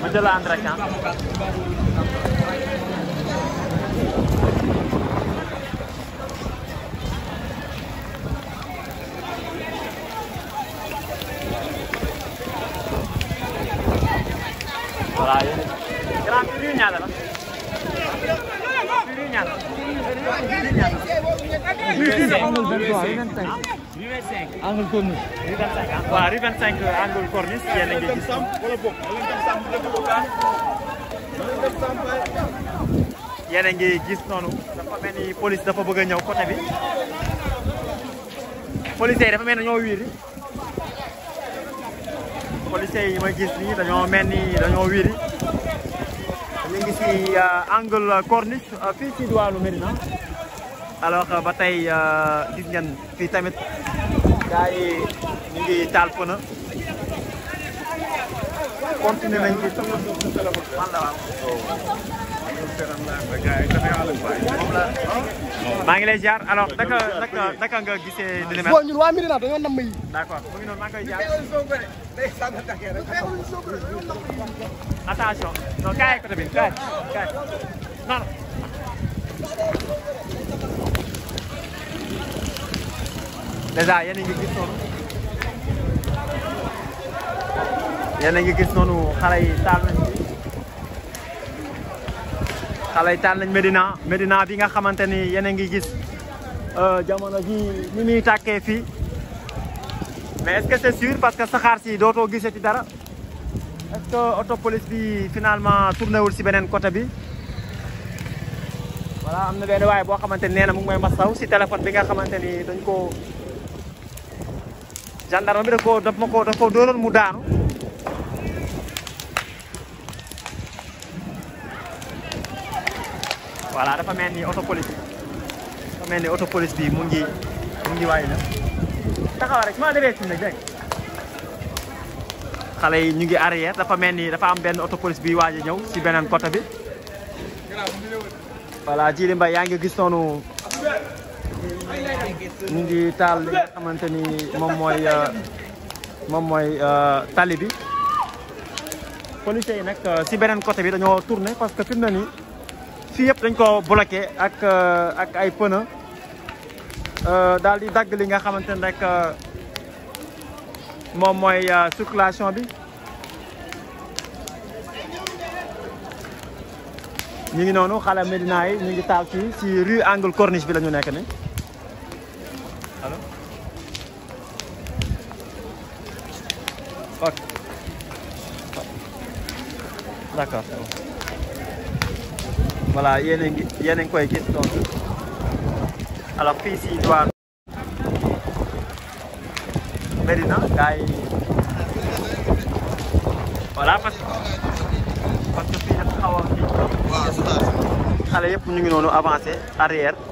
ma jël ànd rek ah angle corniche. waaw rue angle corniche yéen a gis. yéen noonu dafa mel police dafa bëgg a ñëw côté bi. policiers yi dafa mel ni dañoo wiiri. policiers yi ma gis nii dañoo mel dañoo wiiri. ñu ngi si euh, angle corniche euh, fii ci diwaanu Médina alors euh, ba tey gis fii tamit gars yi ñu ngi taal pëna continué maa ngi lay jaar alors naka naka naka nga gisee. li mel ñun waa Médina dañoo namm yi. attention non kaay côté bi kaay kaay non déjà yéen a ngi gis noonu yéen a ngi gis noonu xale yi taal nañ xale yi bi nga xamante ni yéen a ngi gis euh, jamono ji ni muy tàkkee fii mais est que c'est sûr parce que saxaar si dootoo gisee ci dara est-ce que autopolice bi finalement tourné si beneen côté bi voilà am na benn waaye boo xamante ni nee na mu ngi may masaw si téléphone bi nga xamante ni dañ koo gendarme bi da koo daf ma ko daf koo mu daanu voilà dafa mel ni autopolice bi dafa mel ni autopolice bi mu ngi mu ngi waay la taxaw rek maa demee si nag dégg xale yi ñu ngi arrière dafa mel ni dafa am benn auto police bi waaj a ñëw si beneen côté bi voilà Djily Mbaye yaa ngi gis noonu ñu ngi taal li nga xamante ni moom mooy euh, moom mooy euh, tali bi policiers yi nag si euh, beneen côté bi dañoo tourné parce que fi na ne fii yëpp dañ ko bloqué ak ak ay pneu daal di dagg li nga xamante ni rek moom mooy euh, circulation bi ñu ngi noonu xale Médina yi ñu ngi taal ci rue angle corniche bi la ñu nekk ni allo ok d'accord voilà yéen a ngi yéen a ngi koy gis donc alors fii ci bëri na gars yi a xale yëpp ñu ngi noonu avancé arrière.